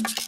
Thank you.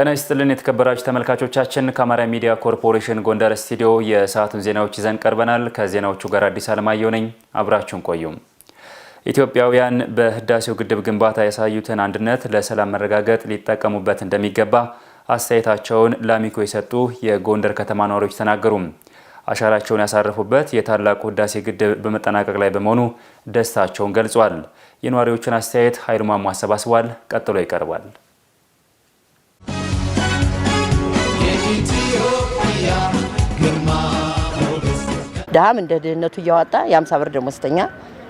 ጤና ይስጥልን የተከበራችሁ ተመልካቾቻችን፣ ከአማራ ሚዲያ ኮርፖሬሽን ጎንደር ስቱዲዮ የሰዓቱን ዜናዎች ይዘን ቀርበናል። ከዜናዎቹ ጋር አዲስ አለማየሁ ነኝ። አብራችሁን ቆዩ ኢትዮጵያውያን በህዳሴው ግድብ ግንባታ ያሳዩትን አንድነት ለሰላም መረጋገጥ ሊጠቀሙበት እንደሚገባ አስተያየታቸውን ላሚኮ የሰጡ የጎንደር ከተማ ነዋሪዎች ተናገሩ። አሻራቸውን ያሳረፉበት የታላቁ ህዳሴ ግድብ በመጠናቀቅ ላይ በመሆኑ ደስታቸውን ገልጿል። የነዋሪዎቹን አስተያየት ኃይሉ ማሞ አሰባስቧል። ቀጥሎ ይቀርባል። ድሃም እንደ ድህነቱ እያወጣ የአምሳ ብር ደሞዝተኛ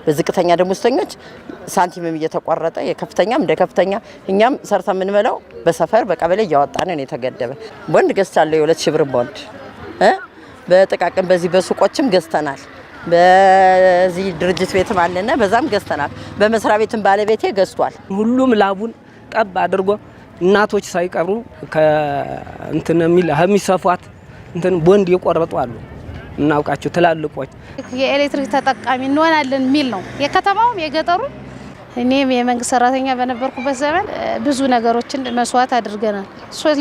በዝቅተኛ ደሞዝተኞች ሳንቲምም እየተቆረጠ የከፍተኛም እንደ ከፍተኛ እኛም ሰርተ የምንበለው በሰፈር በቀበሌ ነው የተገደበ ቦንድ ገዝታለሁ። የሁለት ሺህ ብር ቦንድ በጥቃቅን በዚህ በሱቆችም ገዝተናል። በዚህ ድርጅት ቤትም አለና በዛም ገዝተናል። በመስሪያ ቤትም ባለቤቴ ገዝቷል። ሁሉም ላቡን ጠብ አድርጎ እናቶች ሳይቀሩ ከእንትን የሚሰፏት እንትን ቦንድ የቆረጡ አሉ። የምናውቃቸው ትላልቆች የኤሌክትሪክ ተጠቃሚ እንሆናለን የሚል ነው የከተማውም የገጠሩ። እኔም የመንግስት ሰራተኛ በነበርኩበት ዘመን ብዙ ነገሮችን መስዋዕት አድርገናል።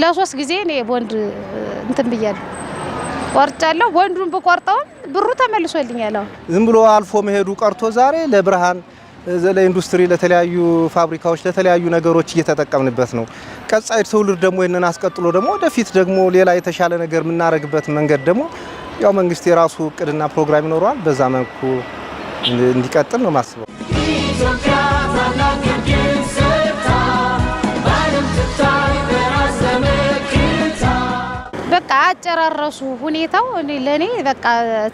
ለሶስት ጊዜ እኔ ቦንድ እንትን ብያለሁ ቆርጫለሁ። ቦንዱን ብቆርጠውም ብሩ ተመልሶልኛል። አሁን ዝም ብሎ አልፎ መሄዱ ቀርቶ ዛሬ ለብርሃን ለኢንዱስትሪ ለተለያዩ ፋብሪካዎች ለተለያዩ ነገሮች እየተጠቀምንበት ነው። ቀጣይ ትውልድ ደግሞ ይህንን አስቀጥሎ ደግሞ ወደፊት ደግሞ ሌላ የተሻለ ነገር የምናደርግበት መንገድ ደግሞ ያው መንግስት የራሱ እቅድና ፕሮግራም ይኖረዋል። በዛ መልኩ እንዲቀጥል ነው ማስበው። በቃ አጨራረሱ ሁኔታው ለእኔ በቃ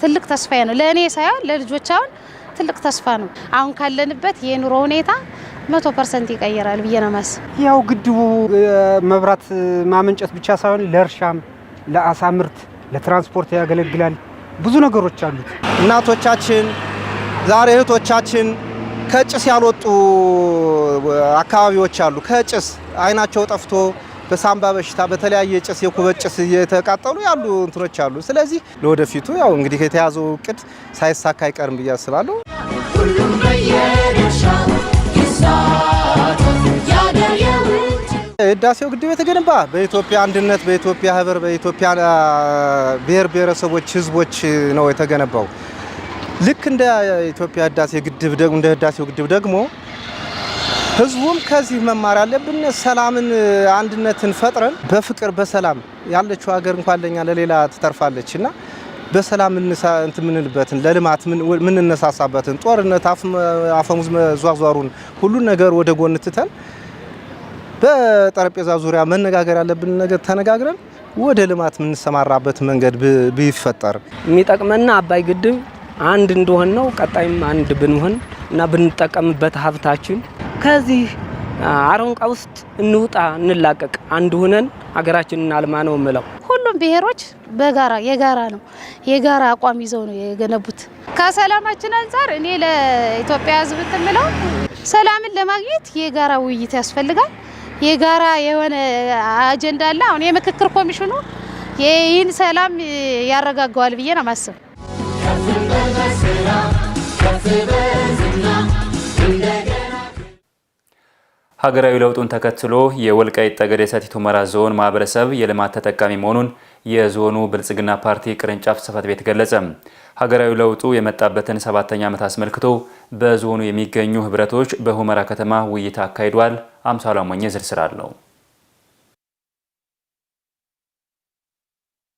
ትልቅ ተስፋ ነው። ለእኔ ሳይሆን ለልጆች አሁን ትልቅ ተስፋ ነው። አሁን ካለንበት የኑሮ ሁኔታ መቶ ፐርሰንት ይቀይራል ብዬ ነው የማስበው። ያው ግድቡ መብራት ማመንጨት ብቻ ሳይሆን ለእርሻም ለአሳ ምርት ለትራንስፖርት ያገለግላል። ብዙ ነገሮች አሉት። እናቶቻችን ዛሬ እህቶቻችን ከጭስ ያልወጡ አካባቢዎች አሉ። ከጭስ አይናቸው ጠፍቶ በሳምባ በሽታ በተለያየ ጭስ የኩበት ጭስ እየተቃጠሉ ያሉ እንትኖች አሉ። ስለዚህ ለወደፊቱ ያው እንግዲህ የተያዘው እቅድ ሳይሳካ አይቀርም ብዬ አስባለሁ። የህዳሴው ግድብ የተገነባ በኢትዮጵያ አንድነት፣ በኢትዮጵያ ህብር፣ በኢትዮጵያ ብሔር ብሔረሰቦች ህዝቦች ነው የተገነባው። ልክ እንደ ኢትዮጵያ ህዳሴ ግድብ ደግሞ እንደ ህዳሴው ግድብ ደግሞ ህዝቡም ከዚህ መማር አለብን። ሰላምን፣ አንድነትን ፈጥረን በፍቅር በሰላም ያለችው ሀገር እንኳን ለኛ ለሌላ ትተርፋለች እና በሰላም እንት ምንልበትን ለልማት ምንነሳሳበትን ጦርነት አፈሙዝ መዟዟሩን ሁሉን ነገር ወደ ጎን ትተን በጠረጴዛ ዙሪያ መነጋገር ያለብን ነገር ተነጋግረን ወደ ልማት የምንሰማራበት መንገድ ቢፈጠር የሚጠቅመና አባይ ግድብ አንድ እንደሆን ነው። ቀጣይም አንድ ብንሆን እና ብንጠቀምበት ሀብታችን ከዚህ አረንቋ ውስጥ እንውጣ፣ እንላቀቅ፣ አንድ ሁነን ሀገራችን አልማ ነው ምለው። ሁሉም ብሔሮች በጋራ የጋራ ነው የጋራ አቋም ይዘው ነው የገነቡት። ከሰላማችን አንጻር እኔ ለኢትዮጵያ ሕዝብ ትምለው ሰላምን ለማግኘት የጋራ ውይይት ያስፈልጋል። የጋራ የሆነ አጀንዳ አለ። አሁን የምክክር ኮሚሽኑ ይህን ሰላም ያረጋገዋል ብዬ ነው ማስብ። ሀገራዊ ለውጡን ተከትሎ የወልቃይት ጠገዴ ሰቲት ሁመራ ዞን ማህበረሰብ የልማት ተጠቃሚ መሆኑን የዞኑ ብልጽግና ፓርቲ ቅርንጫፍ ጽህፈት ቤት ገለጸ። ሀገራዊ ለውጡ የመጣበትን ሰባተኛ ዓመት አስመልክቶ በዞኑ የሚገኙ ህብረቶች በሁመራ ከተማ ውይይት አካሂዷል። አምሳሉ አሞኘ ዝርዝር አለው።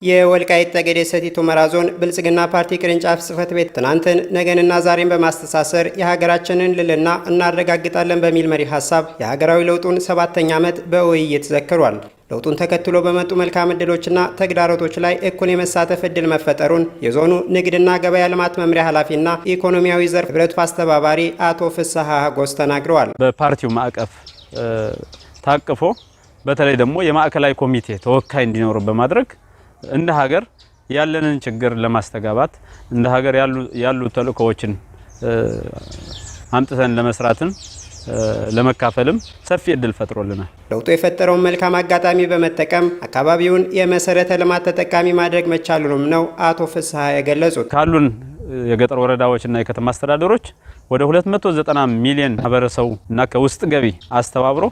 የወልቃይት ጠገዴ ሰቲት ሁመራ ዞን ብልጽግና ፓርቲ ቅርንጫፍ ጽህፈት ቤት ትናንትን ነገንና ዛሬን በማስተሳሰር የሀገራችንን ልዕልና እናረጋግጣለን በሚል መሪ ሀሳብ የሀገራዊ ለውጡን ሰባተኛ ዓመት በውይይት ዘክሯል። ለውጡን ተከትሎ በመጡ መልካም ዕድሎችና ተግዳሮቶች ላይ እኩል የመሳተፍ ዕድል መፈጠሩን የዞኑ ንግድና ገበያ ልማት መምሪያ ኃላፊና ኢኮኖሚያዊ ዘርፍ ህብረቱ አስተባባሪ አቶ ፍስሐ ሀጎስ ተናግረዋል። በፓርቲው ማዕቀፍ ታቅፎ በተለይ ደግሞ የማዕከላዊ ኮሚቴ ተወካይ እንዲኖሩ በማድረግ እንደ ሀገር ያለንን ችግር ለማስተጋባት እንደ ሀገር ያሉ ተልእኮዎችን አምጥተን ለመስራትም ለመካፈልም ሰፊ እድል ፈጥሮልናል። ለውጡ የፈጠረውን መልካም አጋጣሚ በመጠቀም አካባቢውን የመሰረተ ልማት ተጠቃሚ ማድረግ መቻሉንም ነው አቶ ፍስሀ የገለጹት። ካሉን የገጠር ወረዳዎችና የከተማ አስተዳደሮች ወደ 290 ሚሊዮን ማህበረሰቡ እና ከውስጥ ገቢ አስተባብሮ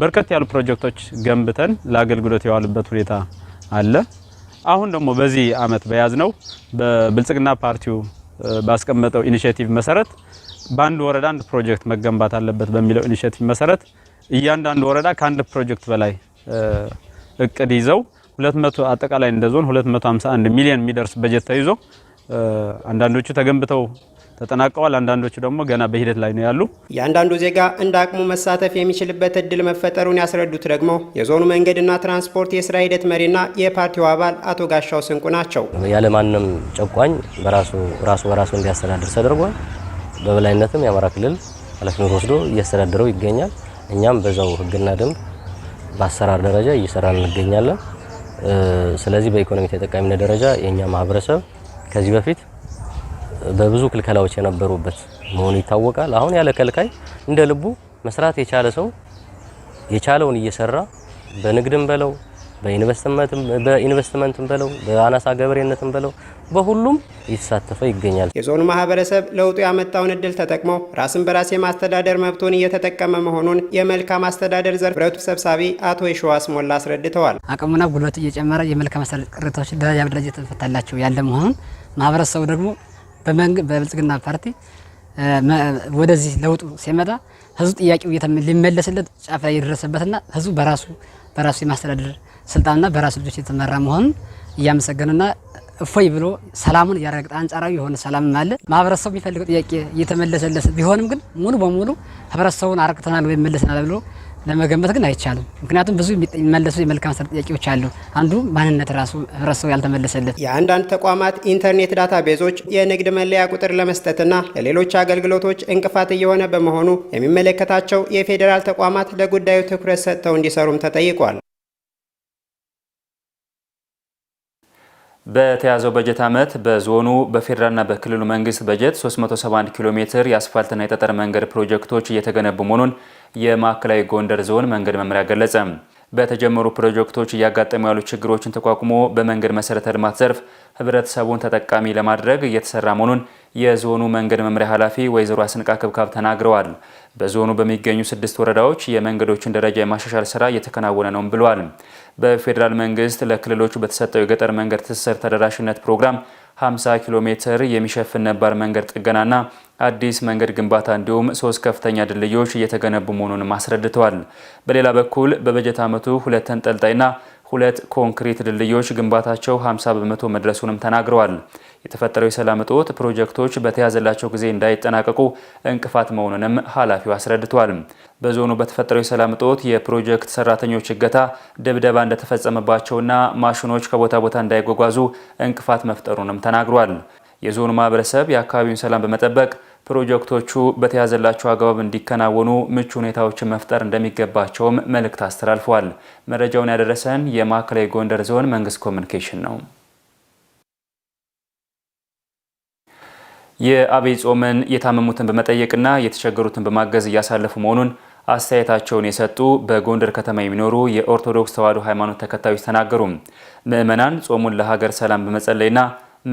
በርከት ያሉ ፕሮጀክቶች ገንብተን ለአገልግሎት የዋሉበት ሁኔታ አለ። አሁን ደግሞ በዚህ አመት በያዝነው በብልጽግና ፓርቲው ባስቀመጠው ኢኒሼቲቭ መሰረት በአንድ ወረዳ አንድ ፕሮጀክት መገንባት አለበት በሚለው ኢኒሼቲቭ መሰረት እያንዳንዱ ወረዳ ከአንድ ፕሮጀክት በላይ እቅድ ይዘው 200 አጠቃላይ እንደ ዞን 251 ሚሊዮን የሚደርስ በጀት ተይዞ አንዳንዶቹ ተገንብተው ተጠናቀዋል። አንዳንዶቹ ደግሞ ገና በሂደት ላይ ነው ያሉ። የአንዳንዱ ዜጋ እንደ አቅሙ መሳተፍ የሚችልበት እድል መፈጠሩን ያስረዱት ደግሞ የዞኑ መንገድና ትራንስፖርት የስራ ሂደት መሪና የፓርቲው አባል አቶ ጋሻው ስንቁ ናቸው። ያለማንም ጨቋኝ በራሱ ራሱ በራሱ እንዲያስተዳድር ተደርጓል። በበላይነትም የአማራ ክልል ኃላፊነት ወስዶ እያስተዳደረው ይገኛል። እኛም በዛው ህግና ደንብ በአሰራር ደረጃ እየሰራን እንገኛለን። ስለዚህ በኢኮኖሚ ተጠቃሚነት ደረጃ የእኛ ማህበረሰብ ከዚህ በፊት በብዙ ክልከላዎች የነበሩበት መሆኑ ይታወቃል። አሁን ያለ ከልካይ እንደ ልቡ መስራት የቻለ ሰው የቻለውን እየሰራ በንግድም በለው በኢንቨስትመንትም በለው በአናሳ ገበሬነትም በለው በሁሉም እየተሳተፈ ይገኛል። የዞኑ ማህበረሰብ ለውጡ ያመጣውን እድል ተጠቅሞ ራስን በራስ የማስተዳደር መብቱን እየተጠቀመ መሆኑን የመልካም አስተዳደር ዘርፍ ህብረቱ ሰብሳቢ አቶ የሸዋስ ሞላ አስረድተዋል። አቅሙና ጉልበቱ እየጨመረ የመልካም አስተዳደር ቅሬታዎች ደረጃ በደረጃ የተፈታላቸው ያለ መሆኑን ማህበረሰቡ ደግሞ በብልጽግና ፓርቲ ወደዚህ ለውጡ ሲመጣ ህዝቡ ጥያቄው ሊመለስለት ጫፍ ላይ የደረሰበትና ህዝቡ በራሱ በራሱ የማስተዳደር ስልጣንና በራሱ ልጆች የተመራ መሆኑን እያመሰገነና እፎይ ብሎ ሰላሙን እያረጋገጠ አንጻራዊ የሆነ ሰላም አለ። ማህበረሰቡ የሚፈልገው ጥያቄ እየተመለሰለት ቢሆንም ግን ሙሉ በሙሉ ህብረተሰቡን አረጋግተናል ወይ መለስናል ብሎ ለመገመት ግን አይቻልም። ምክንያቱም ብዙ የሚመለሱ የመልካም ስር ጥያቄዎች አሉ። አንዱ ማንነት ራሱ ህብረተሰቡ ያልተመለሰለት። የአንዳንድ ተቋማት ኢንተርኔት ዳታ ቤዞች የንግድ መለያ ቁጥር ለመስጠትና ለሌሎች አገልግሎቶች እንቅፋት እየሆነ በመሆኑ የሚመለከታቸው የፌዴራል ተቋማት ለጉዳዩ ትኩረት ሰጥተው እንዲሰሩም ተጠይቋል። በተያዘው በጀት ዓመት በዞኑ በፌዴራልና በክልሉ መንግስት በጀት 371 ኪሎ ሜትር የአስፋልትና የጠጠር መንገድ ፕሮጀክቶች እየተገነቡ መሆኑን የማዕከላዊ ጎንደር ዞን መንገድ መምሪያ ገለጸ። በተጀመሩ ፕሮጀክቶች እያጋጠሙ ያሉ ችግሮችን ተቋቁሞ በመንገድ መሰረተ ልማት ዘርፍ ህብረተሰቡን ተጠቃሚ ለማድረግ እየተሰራ መሆኑን የዞኑ መንገድ መምሪያ ኃላፊ ወይዘሮ አስንቃ ክብካብ ተናግረዋል። በዞኑ በሚገኙ ስድስት ወረዳዎች የመንገዶችን ደረጃ የማሻሻል ስራ እየተከናወነ ነውም ብለዋል። በፌዴራል መንግስት ለክልሎቹ በተሰጠው የገጠር መንገድ ትስስር ተደራሽነት ፕሮግራም 50 ኪሎ ሜትር የሚሸፍን ነባር መንገድ ጥገናና አዲስ መንገድ ግንባታ እንዲሁም ሶስት ከፍተኛ ድልድዮች እየተገነቡ መሆኑንም አስረድተዋል። በሌላ በኩል በበጀት ዓመቱ ሁለት ተንጠልጣይና ሁለት ኮንክሪት ድልድዮች ግንባታቸው 50 በመቶ መድረሱንም ተናግረዋል። የተፈጠረው የሰላም እጦት ፕሮጀክቶች በተያዘላቸው ጊዜ እንዳይጠናቀቁ እንቅፋት መሆኑንም ኃላፊው አስረድተዋል። በዞኑ በተፈጠረው የሰላም እጦት የፕሮጀክት ሰራተኞች እገታ፣ ድብደባ እንደተፈጸመባቸውና ማሽኖች ከቦታ ቦታ እንዳይጓጓዙ እንቅፋት መፍጠሩንም ተናግሯል። የዞኑ ማህበረሰብ የአካባቢውን ሰላም በመጠበቅ ፕሮጀክቶቹ በተያዘላቸው አግባብ እንዲከናወኑ ምቹ ሁኔታዎችን መፍጠር እንደሚገባቸውም መልእክት አስተላልፏል። መረጃውን ያደረሰን የማዕከላዊ ጎንደር ዞን መንግስት ኮሚኒኬሽን ነው። የአብይ ጾምን የታመሙትን በመጠየቅና የተቸገሩትን በማገዝ እያሳለፉ መሆኑን አስተያየታቸውን የሰጡ በጎንደር ከተማ የሚኖሩ የኦርቶዶክስ ተዋሕዶ ሃይማኖት ተከታዮች ተናገሩ። ምዕመናን ጾሙን ለሀገር ሰላም በመጸለይና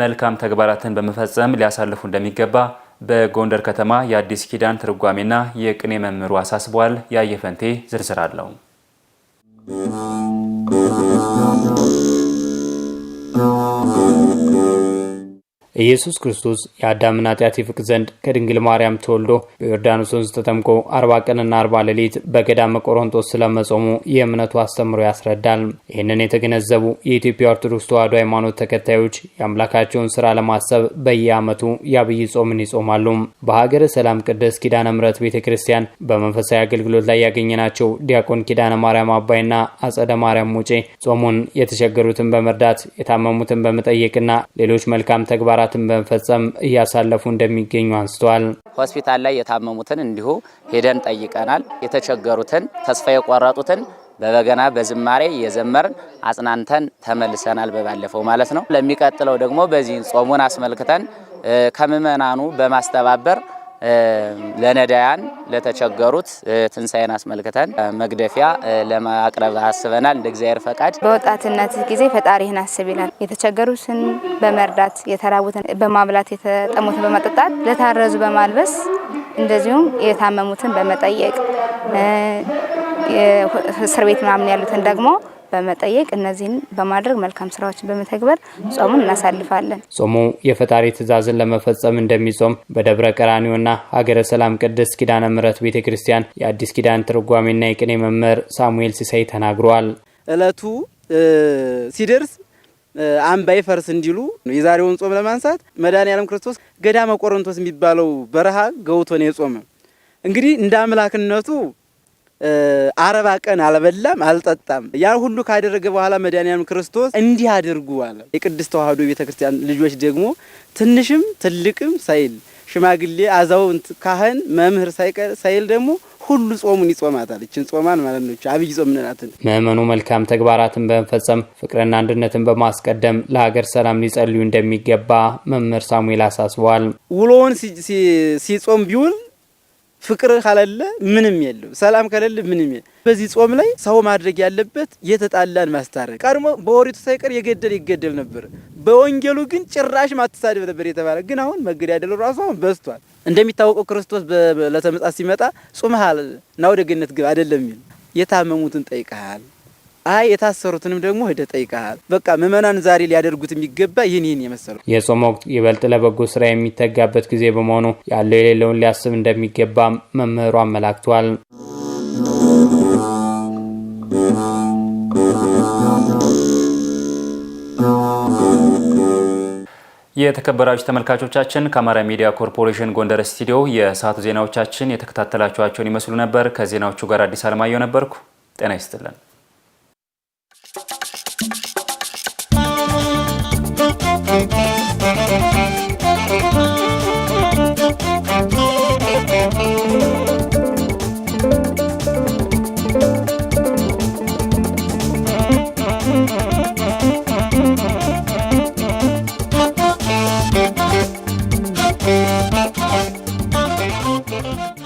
መልካም ተግባራትን በመፈጸም ሊያሳልፉ እንደሚገባ በጎንደር ከተማ የአዲስ ኪዳን ትርጓሜና የቅኔ መምህሩ አሳስቧል። ያየፈንቴ ዝርዝር አለው። ኢየሱስ ክርስቶስ የአዳምን ኃጢአት ይፍቅ ዘንድ ከድንግል ማርያም ተወልዶ በዮርዳኖስ ወንዝ ተጠምቆ አርባ ቀንና አርባ ሌሊት በገዳመ ቆሮንጦስ ስለመጾሙ የእምነቱ አስተምሮ ያስረዳል። ይህንን የተገነዘቡ የኢትዮጵያ ኦርቶዶክስ ተዋሕዶ ሃይማኖት ተከታዮች የአምላካቸውን ስራ ለማሰብ በየዓመቱ የአብይ ጾምን ይጾማሉ። በሀገረ ሰላም ቅድስት ኪዳነ ምሕረት ቤተ ክርስቲያን በመንፈሳዊ አገልግሎት ላይ ያገኘናቸው ዲያቆን ኪዳነ ማርያም አባይና አጸደ ማርያም ሙጬ ጾሙን የተቸገሩትን በመርዳት የታመሙትን በመጠየቅና ሌሎች መልካም ተግባራት ተግባራትን በመፈጸም እያሳለፉ እንደሚገኙ አንስተዋል። ሆስፒታል ላይ የታመሙትን እንዲሁ ሄደን ጠይቀናል። የተቸገሩትን፣ ተስፋ የቆረጡትን በበገና በዝማሬ እየዘመርን አጽናንተን ተመልሰናል። በባለፈው ማለት ነው። ለሚቀጥለው ደግሞ በዚህ ጾሙን አስመልክተን ከምእመናኑ በማስተባበር ለነዳያን ለተቸገሩት ትንሣኤን አስመልክተን መግደፊያ ለማቅረብ አስበናል። እንደ እግዚአብሔር ፈቃድ በወጣትነት ጊዜ ፈጣሪህን አስብ ይላል። የተቸገሩትን በመርዳት የተራቡትን በማብላት የተጠሙትን በመጠጣት ለታረዙ በማልበስ እንደዚሁም የታመሙትን በመጠየቅ እስር ቤት ምናምን ያሉትን ደግሞ በመጠየቅ እነዚህን በማድረግ መልካም ስራዎችን በመተግበር ጾሙን እናሳልፋለን። ጾሙ የፈጣሪ ትእዛዝን ለመፈጸም እንደሚጾም በደብረ ቀራኒዮና ሀገረ ሰላም ቅድስት ኪዳነ ምሕረት ቤተ ክርስቲያን የአዲስ ኪዳን ትርጓሜና የቅኔ መምህር ሳሙኤል ሲሳይ ተናግረዋል። እለቱ ሲደርስ አምባይ ፈርስ እንዲሉ የዛሬውን ጾም ለማንሳት መድኃኔዓለም ክርስቶስ ገዳመ ቆሮንቶስ የሚባለው በረሃ ገውቶ ነው የጾመ። እንግዲህ እንደ አምላክነቱ አረባ ቀን አልበላም አልጠጣም። ያን ሁሉ ካደረገ በኋላ መድኃኒዓለም ክርስቶስ እንዲህ አድርጉ አለ። የቅድስት ተዋሕዶ ቤተክርስቲያን ልጆች ደግሞ ትንሽም ትልቅም ሳይል ሽማግሌ፣ አዛውንት፣ ካህን፣ መምህር ሳይል ደግሞ ሁሉ ጾሙን ይጾማታል። ይችን ጾማን ማለት ነው አብይ ጾም እንላትን። ምእመኑ መልካም ተግባራትን በመፈጸም ፍቅርና አንድነትን በማስቀደም ለሀገር ሰላም ሊጸልዩ እንደሚገባ መምህር ሳሙኤል አሳስበዋል። ውሎውን ሲጾም ቢውል ፍቅር ካለለ ምንም የለም። ሰላም ከሌለ ምንም የለም። በዚህ ጾም ላይ ሰው ማድረግ ያለበት የተጣላን ማስታረቅ። ቀድሞ በኦሪቱ ሳይቀር የገደል ይገደል ነበር። በወንጌሉ ግን ጭራሽ ማትሳደብ ነበር የተባለ ግን አሁን መገዳደሉ ራሱ አሁን በዝቷል። እንደሚታወቀው ክርስቶስ ለተመጻ ሲመጣ ጾምሃል ና ወደ ገነት ግብ አይደለም የሚል የታመሙትን ጠይቀሃል አይ የታሰሩትንም ደግሞ ሄደ ጠይቀሃል። በቃ ምእመናን ዛሬ ሊያደርጉት የሚገባ ይህን ይህን የመሰሉ የጾም ወቅት ይበልጥ ለበጎ ስራ የሚተጋበት ጊዜ በመሆኑ ያለው የሌለውን ሊያስብ እንደሚገባ መምህሩ አመላክቷል። የተከበራችሁ ተመልካቾቻችን ከአማራ ሚዲያ ኮርፖሬሽን ጎንደር ስቱዲዮ የሰዓቱ ዜናዎቻችን የተከታተላችኋቸውን ይመስሉ ነበር። ከዜናዎቹ ጋር አዲስ አለማየሁ ነበርኩ። ጤና ይስጥልን። you